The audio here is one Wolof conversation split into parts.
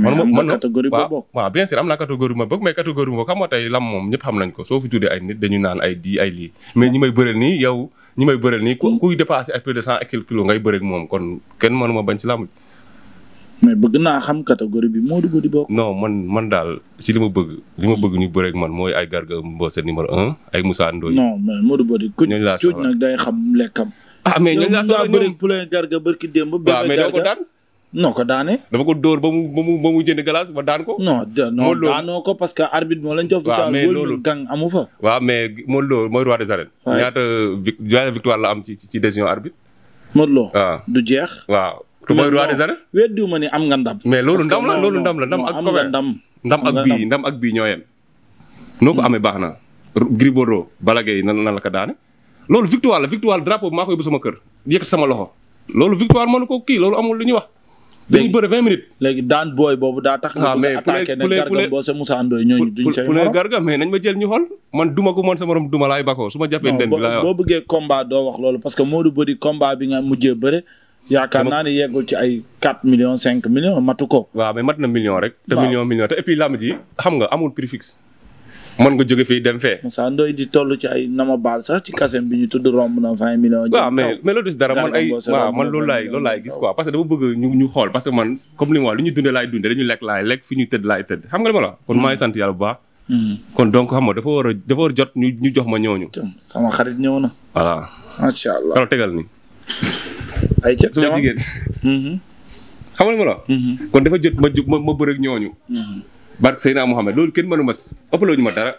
man catégorie ba bokk waaw bien sûr am naa catégorie ma bëgg mais catégorie boobu xam nga tey ay nit ay di ay lii mais ñi may bëreel nii yow ñi may bëreel nii mm. moom kon kenn mënuma bañ ci lamb mais bëgg naa xam catégorie bi Modou Godi bokk. non man man daal ci li ma bëgg li ma bëgg ñu bëreeg man mooy ay Garga Mbossé numéro un ay Moussa Ndoye. non mais Modou Godi. ñooñu laa soxla nag day xam lekkam. ah mais ñooñu laa soxla ñoom ñoom ñoo bëreeg Poulain Garga barki démb. waaw mais doo non ko daane. dama ko dóor ba mu ba mu ba mu jënd glace ba daan ko. non non daanoo ko parce que arbitre moo lañ jox. waaw loolu gang amu fa. waaw Lo mooy roi des arènes. la am ci ci décision arbitre. Modou Lo waaw ah. du jeex. waaw te mooy roi des arènes. ma ni am nga ndam. mais loolu ndam la loolu ndam la ndam ak. am nga ak bii ñoo yem. noo ko amee baax na. Gris Bordeaux Balla Gaye na nan la ko daane. loolu victoire la victoire drapeau bi maa ko yóbbu sama kër yëkkati sama loxo. loolu victoire mënu ko kii lu ñuy wax dañuy bëri 20 minutes. léegi daan booy boobu daa tax. waaw ah, mais poulet poulet poulet boo sa Moussa Ndoye ñooñu duñ say morom garga mais nañ ma jël ñu xool man duma ko moon sa morom duma laay bakoo su ma jàppee den bi boo bëggee combat doo wax loolu parce que Modou Body combat bi nga mujjee bëre yaakaar naa ne yeggul ci ay 4 million cinq millions matu ko. waaw mais mat na million rek. te million million te et puis làmb ji xam nga amul prix mën nga jóge fii dem fee. Moussa Ndoye di toll ci ay nama baal sax ci kasem bi ñu tudd romb na vingt millions. waaw mais mais loolu des dara man ay waaw man loolu laay loolu laay gis quoi parce que dama ma hmm. sant yàlla bu baax. Hmm. kon donc xam dafa war a dafa war jot ñu jox ma ñooñu. sama xarit ñëw na. voilà macha allah kala tegal ni ay ca sama jigéen. Hmm. xam nga li ma la. kon dafa jot ma ma bëreeg ñooñu. barke xam ne loolu kenn mënu ma ëppaloo ñu ma dara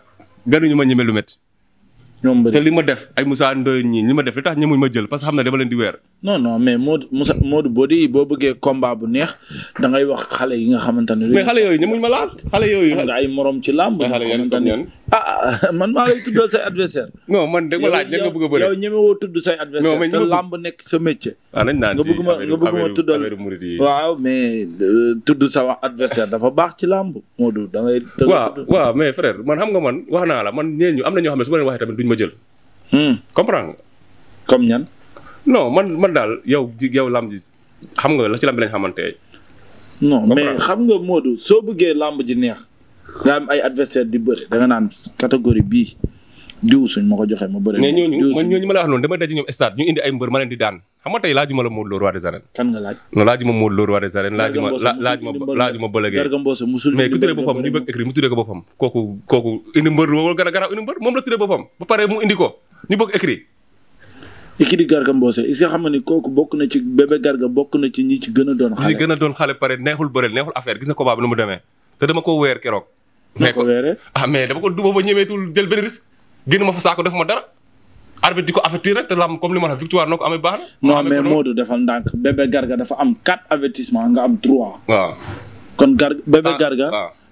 ganuñu ma ñeme lu métti. te li ma def ay Moussa Ndoye ñii li ma def li tax ñemuñ ma jël parce que xam na dama leen di weer. non non mais Modou Moussa Modou Body boo bëggee combat bu neex da ngay wax xale yi nga xamante ne. mais xale yooyu ñemuñ ma laal xale yooyu. am na ay morom ci làmb. xale yooyu ñoom ah, ah, man maa lay tuddal say adversaire non man da nga laaj nga bëgg a bëri yow ñemewoo tudd say adversaire te làmb nekk sa métier. waaw ah, nañ naan nga bëgg ma nga bëgg ma tuddal waaw mais euh, tudd sa wax adversaire dafa baax ci làmb Modou da ngay. waaw waaw mais frère man xam nga man wax naa la man ñeeñu am na ñoo xam ne su ma leen waxee tamit duñ ma jël. Hmm. comprendre nga. comme ñan. non man man daal yow yow lamb ji xam nga la ci ma ko joxee ma bëri. mais ñooñu ma la xam nga tey laajuma la Modou Lo roi des arènes. kan nga laaj. non laajuma Modou Lo roi des arènes. laajuma laajuma laajuma Balla Gaye. Garga Mbossé musul mais mu tuddee ko boppam kooku kooku indi mbër wala gën a garaaw indi mbër moom la tuddee boppam ba pare mu indi ko ñu bëgg écrit kii di Garga Mbossé est que xam nga ni kooku bokk na ci bébé Garga bokk na ci ñi ci gën a doon xale. ñi a doon xale pare neexul bëreel neexul affaire gis na combat bi nu mu demee te dama ko weer keroog. mais ko weeree ah mais dama ko duma ba ñemeetul jël benn risque génn ma fa saako def ma dara. arbitre di ko avertir rek te lam comme li ma la victoire noo ko amee baax na. non mais Modou defal ndànk bébé Garga dafa am 4 avertissement nga am 3. waaw kon ah, Garga bébé Garga.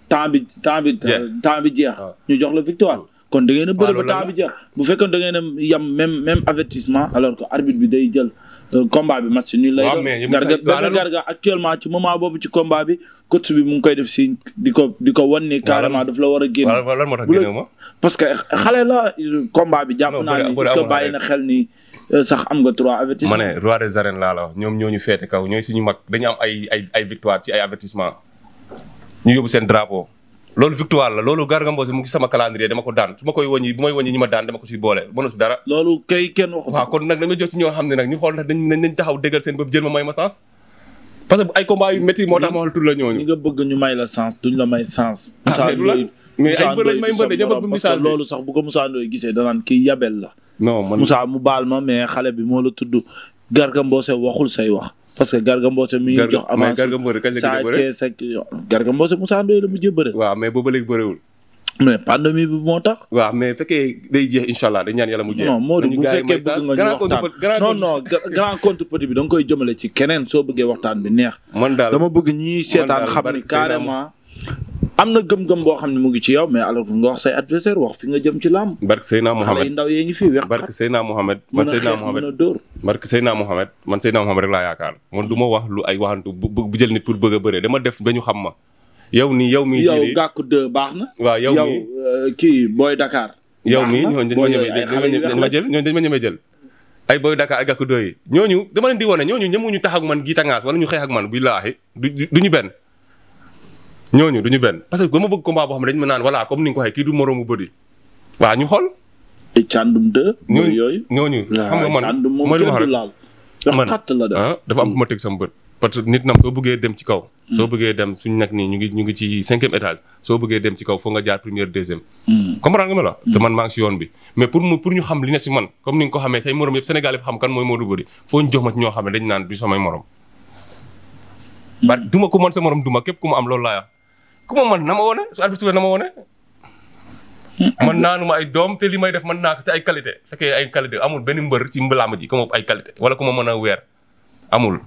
temps bi temps bi temps bi jeex. ñu jox la victoire. kon da ngeen a bëri ba temps bi jeex bu fekkoon da ngeen a yam même même avertissement alors que arbitre bi day jël euh, combat bi match nul lay doon garga benn garga actuellement ci moment boobu ci combat bi coach bi mu ngi koy def si di ko di ko wan ni carrément daf la war a génn parce que xale la combat bi jàpp naa ni parce que bàyyi na xel ni euh, sax am nga trois avertissement ma ne roi des arènes laa ñoom ñoo ñu feete kaw ñooy suñu mag dañu am ay ay ay victoire ci ay avertissement ñu yóbbu seen drapeau loolu victoire la loolu Garga Mbossé mu ngi sama calendrier dama ko daan su ma koy wëññi bu may wëññi ñi ma daan dama ko ciy boole mënu si dara. loolu kay kenn waxu moo tax ma xool tudd ah, ay mbër lañ may mbër de ñëpp bëgg message loolu sax bu ko Moussa Ndoye gisee danaan kii mu baal ma xale bi moo la tudd Garga Mbossé waxul say wax parce que Garga Mbossé mi ngi jox avance Garga Mbossé kañ la gën a bëre Sa la mujjee bëre. waaw mais booba léegi bërewul. mais pandémie bi moo tax. waaw mais fekkee day jeex incha allah dañ ñaan yàlla mu jeex. non bu fekkee bëgg nga ñu waxtaan non non grand compte petit bi da nga koy jëmale ci keneen soo bëggee waxtaan bi neex. man daal dama bëgg ñii seetaan xam ni carrément am na gëm-gëm boo xam ne mu ngi ci yow mais alors nga wax say adversaire wax fi nga jëm ci làmb. barke Seyna Mohamed man Seyna Mohamed mën a dóor. barke Seyna Mohamed man Seyna Mohamed rek laa yaakaar man du ma wax lu ay waxantu bu jël nit pour bëgg a bëree dama def ba xam ma. yow nii yow mii yow gàkku de baax na. waaw yow mii yow euh, kii Boy Dakar. yow mii ñooñu dañ ma jël ñooñu dañ ma ñemee jël. ay boy Dakar ak gàkku de yi ñooñu dama leen di wone ñooñu ñëmuñu tax ak man giita ngaas wala ñu xeex ak man billaahi du ñu benn ñooñu du ñu benn parce que dama bëgg combat boo xam ne dañu mën naan voilà comme ni nga ko waxee kii du moroomu bëri waa ñu xool. ay càndum xam nga man ma xam man ah, am fu ma teg sama que nit nam soo bëggee dem ci kaw. Hmm. soo bëggee dem suñu nag nii ñu ngi ñu ngi ci cinquième étage soo bëggee dem ci kaw foo nga jaar première deuxième. Hmm. comprendre nga ma la. Hmm. yoon bi mais pour pour ñu xam li ne si man comme ni nga ko xamee say morom yëpp Sénégal yëpp xam kan mooy Modou Body foo ñu jox ma ci ñoo xam ne naan du samay morom. ba du ma man sa morom du ma képp ku ma am loolu laa ku man mën na ma wone su arbitre na ma wone hmm. man naanuma ay doom te li may def man naa ko te ay qualité fekkee ay qualité amul benn mbër ci mbalaama ji ku ma ay qualité wala ku ma mën a weer amul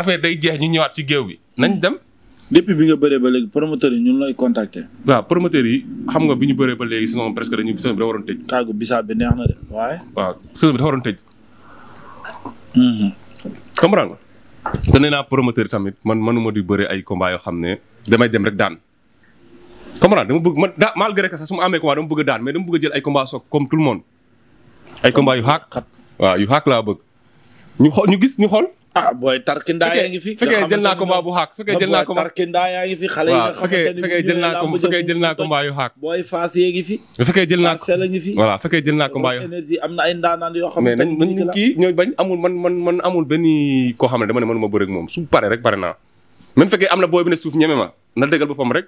affaire day jeex ñu ñëwaat ci géew bi nañ hmm. dem. depuis bi nga bëree ba léegi promoteurs yi ñu lay contacter. waaw promoteurs yi xam nga bi ñu bëree ba léegi saison presque dañu saison bi da waroon tëj. kàggu bisaab bi neex na de waaye. waaw saison bi da waroon hmm. nga. te nee naa promoteur yi tamit man manuma di bëre ay combat yoo xam ne damay dem rek daan. comprendre dama bëgg man daa malgré que sax su ma amee combat dama bëgg daan mais dama bëgg jël ay combat soog comme tout le monde. ay combat yu xaak. waa yu xaak laa bëgg. ñu xool ñu gis ñu xool. ah booy tarkindaa yaa ngi fi. fekkee jël naa combat bu xaak fekkee jël naa combat tarkindaa yaa ngi fi jël naa combat fekkee yu xaak booy jël naa parcelle ngi yu énergie yoo xam ne mais nañ nañ kii ñooy bañ amul man man koo xam ne dama ne mënuma bëre ak moom su pare rek pare naa même fekkee am na booy bi suuf ñeme ma na dëggal boppam rek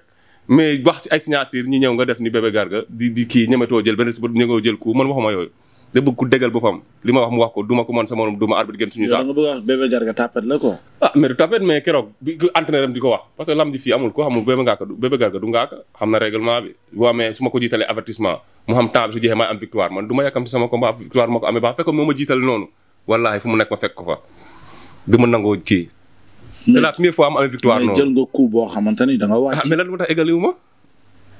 mais wax ay signature ñi ñëw nga def ni bébé garga di di kii ñemetoo jël benn si ñëngoo jël ku man waxuma yooyu da bëgg ku dëggal boppam li wax mu wax ko du ko mën sama morom du ma arbitre suñu saa. nga a wax Bébé Garga tapet la ko. ah mais du tapet keroog bi entraîneur am di avertissement mu xam temps bi su may am victoire ma yàkkam si sama combat victoire ma ko amee baax fekkoon moo ma jiitale noonu wallaahi fu mu nekk ma fekk fa du ma nangoo kii. c'est la première am amee victoire noonu da nga ah mais lan tax égaliwu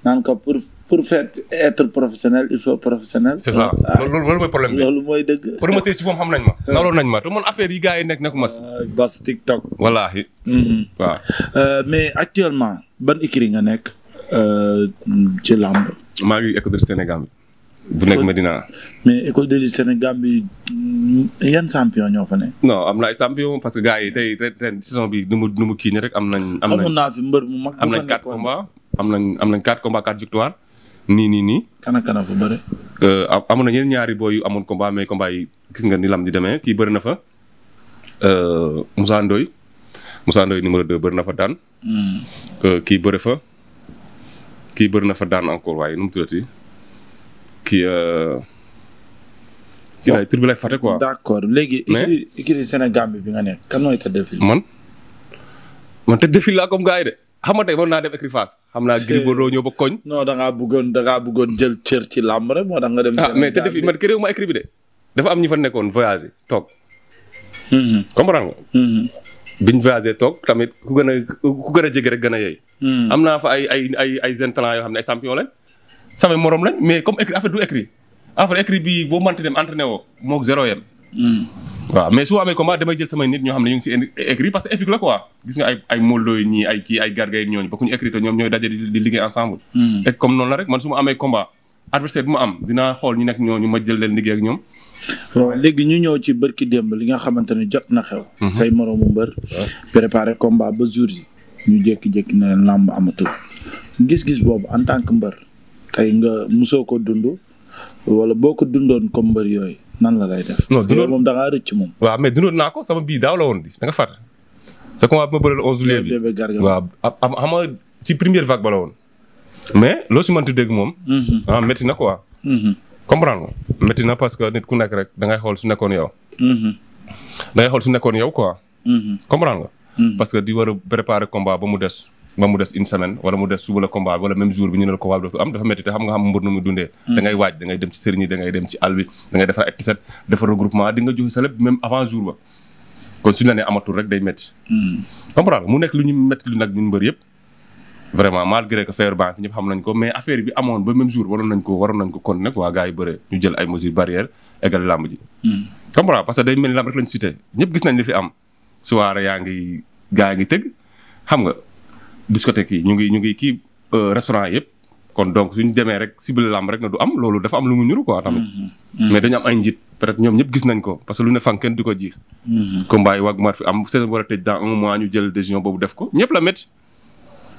naan pour pour faire être professionnel il faut professionnel. c'est ça ah. loolu loolu mooy problème bi loolu mooy dëgg. promoteur ci moom xam nañ ma. nawloon nañ ma te man affaire yi gars yi nekk nekkuma si. Ah, bas TikTok. wallaahi. Mhm. waaw. Euh, mais actuellement ban écurie nga nekk euh, ci làmb. maa ngi école de Sénégal bu nekk Medina. mais école Sénégal bi mm, yan champion ñoo fa ne. non am na ay champion parce que gars yi tey ren saison bi nu mu nu mu kii nii rek am nañ. am nañ xamoon naa fi mbër mu mag. am nañ quatre combats am nañ am nañ 4 combats 4 victoires nii nii nii. kan ak kan a fa bëre. Euh, amoon na ñeneen ñaari booy yu amoon combat mais combat yi gis nga ni lam di demee kii bëri na fa euh, Moussa Ndoye Moussa Ndoye numéro 2 bëri na fa daan. Hmm. Euh, kii bëri fa kii bëri na fa daan encore waaye nu mu tuddati kii. ci lay tur bi lay fàtte quoi. d'accord léegi. mais écurie Sénégal bi nga nekk kan mooy tête de file. man yi de. xam nga tey war naa dem écurie Fass. xam naa Gris Bordeaux ñëw ba koñ. non da ngaa bëggoon da ngaa bëggoon jël cër ci làmb rek moo tax nga dem. ah mais te defi man kër ma écurie de. dafa am ñu fa nekkoon voyagé toog. Mm-hmm. comprendre nga. Mm-hmm. biñ voyagé toog tamit ku gën a ku gën a jege rek gën a yey. Mm-hmm. am naa fa ay ay ay ay jeunes yoo xam ne ay champion lañ. samay morom lañ mais comme écurie affaire du écurie affaire écurie bi boo mënti dem entraîné woo moog zéro yem. Mm. waaw mais su amee combat damay jël samay nit ñoo xam ne ñu ngi si écrit parce que épique la quoi gis nga ay ay Modou ñii ay kii ay Garga ñooñu bokkuñu écrit ñoom ñooy daje di liggéey ensemble. Mm. et comme noonu ma amee combat adversaire bu ma am dinaa xool ñu nekk ñooñu ma jël leen liggéey ak ñoom. waaw léegi ñu ñëw ci bërki démb li nga xamante ne jot na xew. Mm-hmm. say moroomu mbër. préparé combat ba jour yi ñu jékki-jékki na leen làmb gis-gis boobu en tant que mbër tey nga musoo ko dund wala boo ko dundoon comme mbër yooyu nan la lay def. non dundoon moom da ngaa rëcc moom. waaw mais dundoon naa ko sama bii daaw la woon di da nga fàtte. sa combat bi ma bëre la 11 juillet bi waaw am xam nga la woon. mais loo si mënti dégg moom. Mhm. ah métti na quoi. Mhm. comprendre nga métti na parce que nit ku nekk rek da ngay xool su nekkoon yow. Mhm. da ngay xool su nekkoon yow quoi. comprendre nga. parce que di war a préparer combat ba mu des. moom mu des une semaine wala mu des suba la combat bi wala même jour bi ñu ne la combat bi am dafa métti xam nga xam mbër nu dundee hmm. da waaj da dem ci sëriñ yi dem ci àll bi defar ay tiset defar rek hmm. mu nekk lu ñu métti lu nag yëpp vraiment malgré que baa xam nañ ko mais affaire bi amoon ba même jour waroon nañ ko ko continuer quoi gars yi bëre ñu jël ay mesures barrières égal làmb ji hmm. comprendre parce day mel ni làmb rek lañ cité ñëpp gis nañ li fi am soirée yaa ngi gaa ngi tëgg xam nga discothèque yi ñu ngi ñu ngi kii euh, restaurant yëpp kon donc suñu demee rek cible lamb rek na du am loolu dafa am lu mu ñuru quoi tamit. Mm-hmm. Mm-hmm. mais dañu am ay njiit peut être ñoom ñëpp gis nañ ko parce que lu ne fan kenn ko ji. Mm-hmm. mois ñu jël décision boobu def ko ñëpp la métti.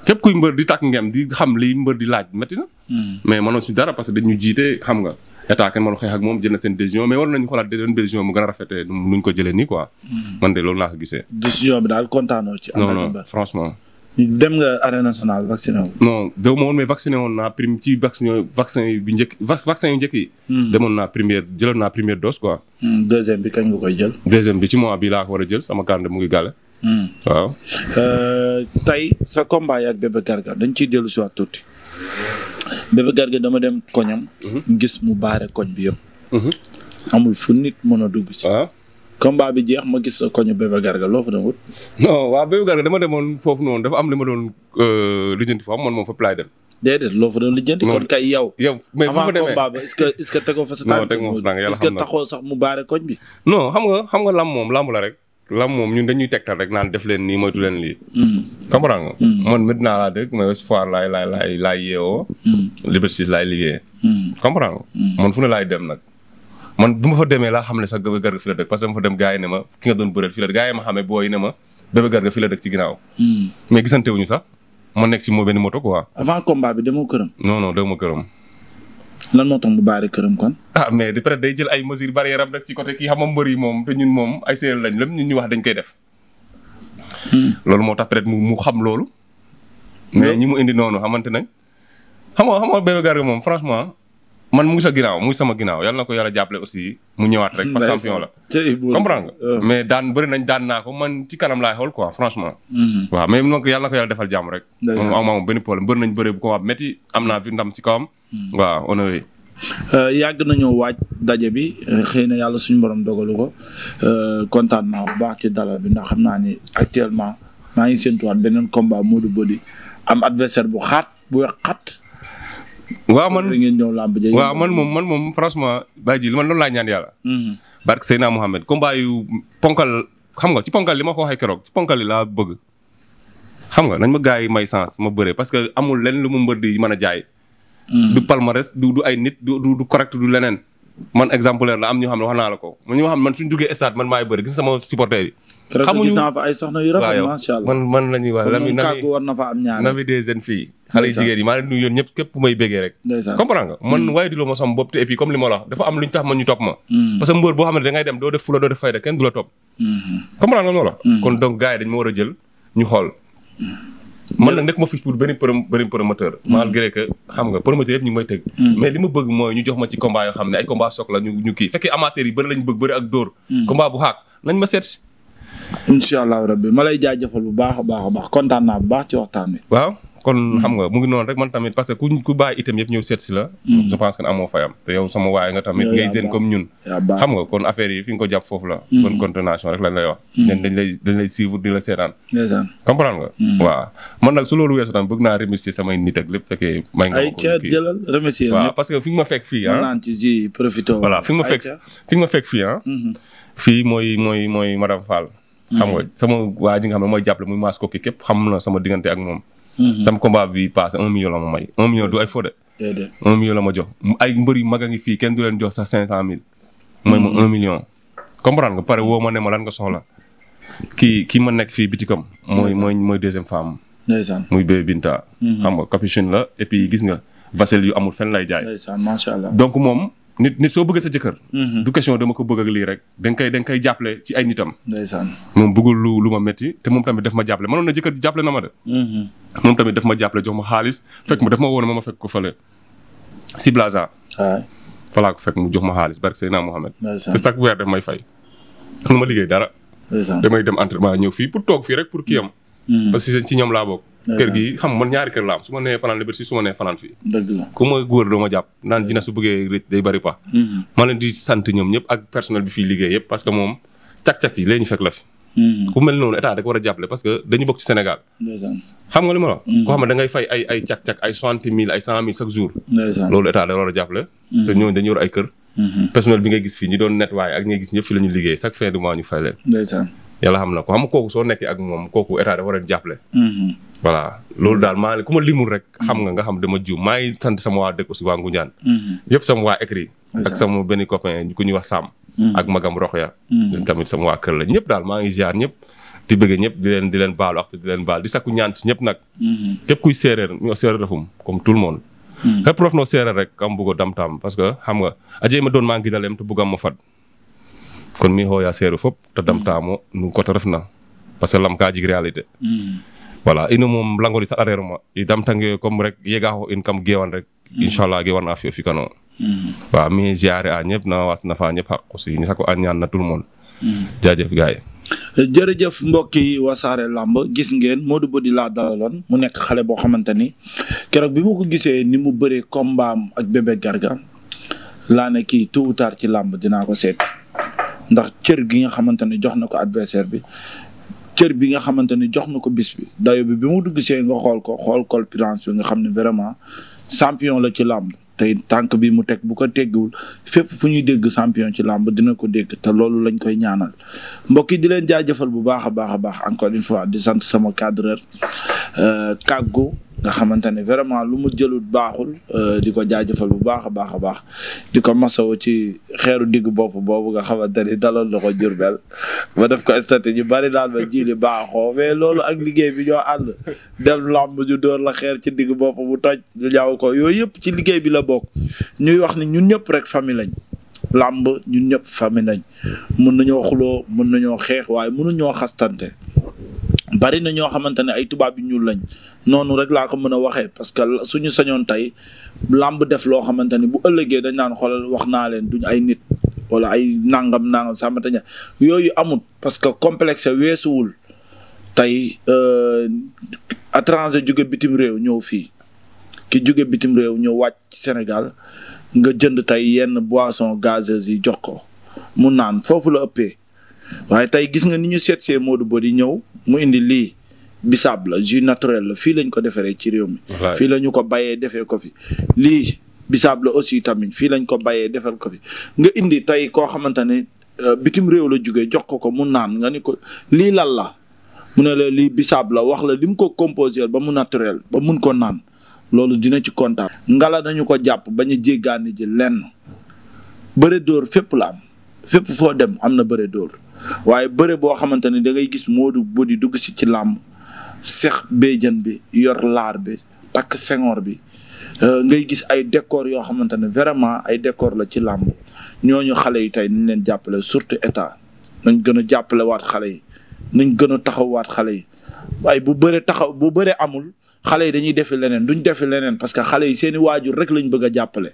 képp kuy mbër di tàkk ngem di xam li mbër di laaj métti na. mais mënoon si dara parce que dañu jiite xam nga état kenn mënu xeex ak moom jël na seen décision mais war nañu xoolaat décision décision mu gën a rafetee nuñ ko jëlee nii quoi. man de loolu laa ko gisee. décision bi daal dem nga arène nationale vacciné wu. non dew woon mais vacciné woon naa prime ci vaccin vaccin yi bi njëkk vaccin njëkk yi. Hmm. demoon naa première jëloon naa première dose quoi. Hmm, deuxième bi kañ nga koy jël. deuxième bi ci mois bi laa ko war a jël sama calendrier mu ngi gàlle. Hmm. waaw. Euh, sa combat yi ak Bébé Garga dañ ci dellu si waat tuuti Bébé Garga dama dem koñam. gis mu baare koñ bi yëpp. amul fu nit mën a dugg si. Ah. combat bi jeex ma gis sa koñu Bébé Garga loo fa doon wut. waa Bébé Garga dama demoon foofu noonu dafa am li ma doon euh, lijjanti foofu man moom fépp laay dem. déedéet loo fa doon lijjanti. kon kay yow. yow mais fu ma demee avant combat ba est-ce que est fa sa tànk. non teguma xam na taxoo sax mu koñ bi. non xam nga xam nga lam moom lamb la rek. lam moom ñun dañuy tegtal rek naan def leen nii moytu leen lii. Mm. comprendre nga. Mm. man Medina laa dëkk mais Ouest Foire laay laay laay laay yeewoo. Mm. Liberté laay liggéeyee. comprendre nga. man fu ne laay dem nag man bu ma fa demee laa xam ne sax Bébé Garga fi la dëkk parce que ma fa dem gars yi ne ma ki nga doon bëreel fi la yi ma xamee booy ne ma Bébé Garga fi ci ginnaaw. Hmm. mais benn moto quoi. avant combat bi demoo këram. non non demoo këram. lan moo kon. ah mais de peut-être day jël ay mesures barrières am rek ci côté kii xam nga mbër yi moom te ñun moom ay séeréer lañ lépp ñun ñu wax dañ koy def. Hmm. loolu moo tax peut mu xam loolu. mais ñi mu indi noonu xamante nañ. xam nga xam nga Bébé Garga moom franchement man mu ngi sa ginnaaw mu ngi sama ginnaaw yal na ko yàlla jàppale aussi mu ñëwaat rek. parce que champion la. comprendre nga. Euh. mais daan bëri nañ daan naa ko man ci kanam laay xool quoi franchement. Mm-hmm. waaw mais donc yal na ko yàlla defal jàmm rek. moom am naa moom benn problème bëri nañ bëri bu ko wax métti am naa fi ndam ci kawam. Mm-hmm. waaw on est. Euh, yàgg nañoo waaj daje bi xëy yàlla suñu borom dogalu ko euh, kontaan naa bu ci dalal bi ndax xam naa ni actuellement maa ngi séntuwaat beneen combat Modou Body am adversaire bu xaat bu weex xat waaw man ngeen ñëw waaw man moom man moom franchement bàyyi ji li man loolu laa ñaan yàlla mm-hmm. barke Seydina Mohamed combat yu ponkal xam nga ci ponkal li ma ko waxee keroog ci ponkal li laa bëgg xam nga nañ ma gars yi may sens ma bëree parce que amul leen lu mu mbër di mën a jaay mm-hmm. du palmarès du du ay nit du du correct du leneen man exemplaire la am ñu xam ne wax naa la ko man ñu xam ne man suñu duggee stade man maay bëri gis sama supporter yi. xamuñu fa man man wax lami nami am ñaar nami des jeunes filles xale yu jigéen yi maa leen nuyu ñëpp képp may béggee rek comprendre nga man mm. waaye di loo ma sama bopp te et comme li ma dafa am lu ñu tax man ñu topp ma mm. parce mbër boo xam ne da dem doo def fula doo def fayda kenn du la topp mm-hmm. comprendre nga ma mm-hmm. kon donc gars dañ ma war a man nag nekk ma fi pour benn benn promoteur. Hmm. malgré que xam nga promoteur yëpp ñu ngi may tëgg. Hmm. mais li ma bëgg mooy ñu jox ma ci combat yoo xam ne ay combat soxla ñu ñu kii fekkee amateur yi bëri bëgg bëri ak dóor. Hmm. combat bu xaak nañ ma seet si. incha rabbi ma lay jaajëfal bu baax a baax a baax kontaan naa bu baax ci waxtaan wi waaw kon hmm. xam nga mu ngi noonu rek man tamit parce que ku ku bàyyi itam yëpp ñëw seet si la. Hmm. je pense que amoo fayam te yow sama waay comme ñun. nga kon affaire yi fi nga ko la. kon hmm. continuation rek lañ lay wax. dañ lay dañ lay suivre di la waaw man nag su loolu weesoo tam bëgg naa remercier samay nit ak lépp fekkee. may nga ko kii waaw parce que fi nga ma fekk fii ah. voilà fi ma fekk fi nga fekk fii ah. fii mooy mooy mooy madame Fall. xam nga sama waa ji nga xam ne mooy jàppale muy maas ko kii képp xam na sama diggante ak moom Mm-hmm. sama combat bi passé un million la ma may un million du ay fo de. un million la ma jox ay mbër yu mag a ngi fii kenn du leen jox sax cinq cent mille. mooy ma un mm-hmm. million. comprendre nga pare woo ma ne ma lan nga soxla kii kii ma nekk fii bitikam mooy mooy mooy deuxième femme. ndeysaan muy bébé Binta. Mm-hmm. xam nga capuchin la et puis gis nga vaisselle yu amul fenn lay jaay. ndeysaan allah donc moom. nit nit soo bëgg sa jëkkër. Mhm. du question dama ko bëgg lii rek da nga koy da koy jàppale ci ay nitam. ndeysaan moom bëggul lu lu ma metti te moom tamit daf ma jàppale mënoon na jëkkër jàppale na ma de. Mhm. moom tamit daf ma jàppale jox ma xaalis fekk ma daf ma woon ma ma fekk ko fële si Blaza. waaw falaa fekk mu jox ma xaalis barke Seydina Mohamed. te chaque weer daf may fay. nu ma liggéey dara. damay dem entraînement ñëw fii pour toog fii rek pour kii am. Mhm. parce que si ñoom laa bokk. kër gi xam man ñaari kër la am su ma nee fanaan Liberté su ma nee fanaan fii. dëgg la ku ma góor doo ma jàpp naan dina su bëggee rëcc day bari pa. Mm-hmm. ñoom ñëpp ak personnel bi fii liggéey yëpp que moom càq-càq yi léegi fekk la fi. Mm-hmm. ku mel noonu état da ko war a jàppale parce que dañu bokk ci Sénégal. xam nga li ma la wax. Mm-hmm. koo xam ne da fay ay ay càq ay soixante mille ay cent mille chaque jour. loolu état da war a jàppale. te ñooñu dañu yor ay kër. personnel bi ngay gis fii ñi doon nettoyer ak ñi ngay gis ñëpp fi la ñu liggéey chaque fin de yàlla xam na ko xam nga kooku soo nekkee ak moom kooku état dafa war a jàppale. Mm-hmm. voilà loolu daal maa ne ku limul rek. xam nga nga xam dama jiw maa ngi sant sama waa dëkk aussi waa Ngunjaan. Mm-hmm. yëpp sama waa écrit ak sama benn copain ku ñuy wax Sam. Mm-hmm. ak magam Roxya. tamit sama waa kër ñëpp daal maa ngi ziar ñëpp. di bëgg ñëpp di leen di leen baalu di leen baal di sakku ñaan ci ñëpp nag. képp kuy séeréer ñoo séeréer dafum comme tout le monde. xëpp roof noo séeréer rek kam bugg a damtaam parce que xam nga ajee ma doon maa ngi dalem te bugg am ma fad kono mi hoya seeɗo fof to damtamo mm. ndu koto refna par ce que lam kaji réalité mm. voilà ina mom langoli saɗarero ma i damtange comme rek yega ho in kam gewan rek mm. inchallah gewan a fiyo fikano waaw mi ziare a ñëpp na waat na faa ñëpp xaq aussi ni sa ko ñaan na tout le monde jaajëf gaay jërëjëf wasaare làmb gis ngeen moo Modou Body laa dalaloon mu nekk xale boo xamante ni keroog bi ma ko gisee ni mu bëree comme mbaam ak bébé garga laa ne kii tard ci làmb dinaa ndax cër gi nga xamante ne jox na ko adversaire bi cër bi nga xamante ne jox na ko bis bi dayo bi bi mu dugg see nga xool ko xool colpirance bi nga xam ne vraiment champion la ci làmb tey tànk bi mu teg bu ko teggiwul fépp fu ñuy dégg champion ci làmb dina ko dégg te loolu lañ koy ñaanal mbokk yi di leen jaajëfal bu baax a baax a baax encore une fois di sant sama cadreur euh, kàggu nga xamante ne vraiment lu mu jëlul baaxul euh, di ko jaajëfal bu baax a baax a baax di ko masawu ci xeeru digg bopp boobu nga xamante ni daloon na ko Jurbel ba def ko statut ñu bari daal ba ji li baaxoo mais loolu ak liggéey bi ñoo ànd dem làmb ju dóor la xeer ci digg bopp bu toj ñu jaaw ko yooyu yëpp ci liggéey bi la bokk ñuy wax ni ñun ñëpp rek famille lañ làmb ñun ñëpp famille lañ mun nañoo xuloo mun nañoo xeex waaye mënuñoo xastante bari na ñoo xamante ne ay tubaab yu ñuul lañ noonu rek laa ko mën a waxee parce que suñu sañoon tey làmb def loo xamante ni bu ëllëgee dañ naan xoolal wax naa leen duñ ay nit wala ay nangam nangam sàmmata yooyu amut parce que complexe weesuwul tey euh, étranger jóge bitim réew ñëw fii ki jóge bitim réew ñëw wàcc Sénégal nga jënd tey yenn boisson gazeuse yi jox ko mu naan foofu la ëppee waaye tey gis nga ni ñu seetsee Modou Body ñëw. mu indi lii bisaab la jus naturel la fii lañ ko defaree ci réew mi. fii la ñu ko bayee defee ko fi lii bisaab la aussi tamit fii lañ ko bayee defal ko fi nga indi tey koo xamante ne euh, bitim réew la jógee jox ko ko mu naan nga ni ko lii lan la mu ne la lii bisaab la wax la li mu ko composé ba mu naturel ba mun ko naan loolu dina ci kontaan. ngala nañu ko jàpp bañ a jéggaani ji lenn bëre dóor fépp la am fépp foo dem am na bëre dóor. waaye bëre boo xamante ne da ngay gis Modou Bodi dugg si ci làmb seex béjjën bi yor laar bi takk sengoor bi euh, ngay gis ay décor yoo xamante ne vraiment ay décor la ci làmb ñoo ñu xale yi tey nañ leen jàppale surtout état nañ gën a jàppale waat xale yi nañ gën a taxaw waat xale yi waaye bu bëre taxaw bu bëre amul xale yi dañuy defi leneen duñ defi leneen parce que xale yi seen i waajur rek lañ bëgg a jàppale.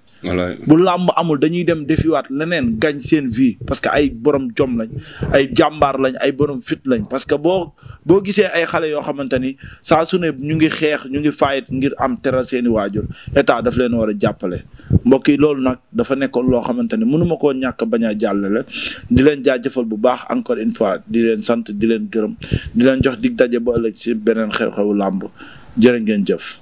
bu làmb amul dañuy dem defiwaat leneen gañ seen vie parce que ay borom jom lañ ay jàmbaar lañ ay borom fit lañ parce que boo boo gisee ay xale yoo xamante ni saa su ne ñu ngi xeex ñu ngi fayit ngir am teral seeni waajur état daf leen war a jàppale. mbokk yi loolu nag dafa nekkoon loo xamante ni mënu ma koo ñàkk bañ a jàllale di leen jaajëfal bu baax encore une fois di leen sant di leen gërëm di leen jox dig daje ba ëllëg si beneen xew-xewu jërë ngeen jëf.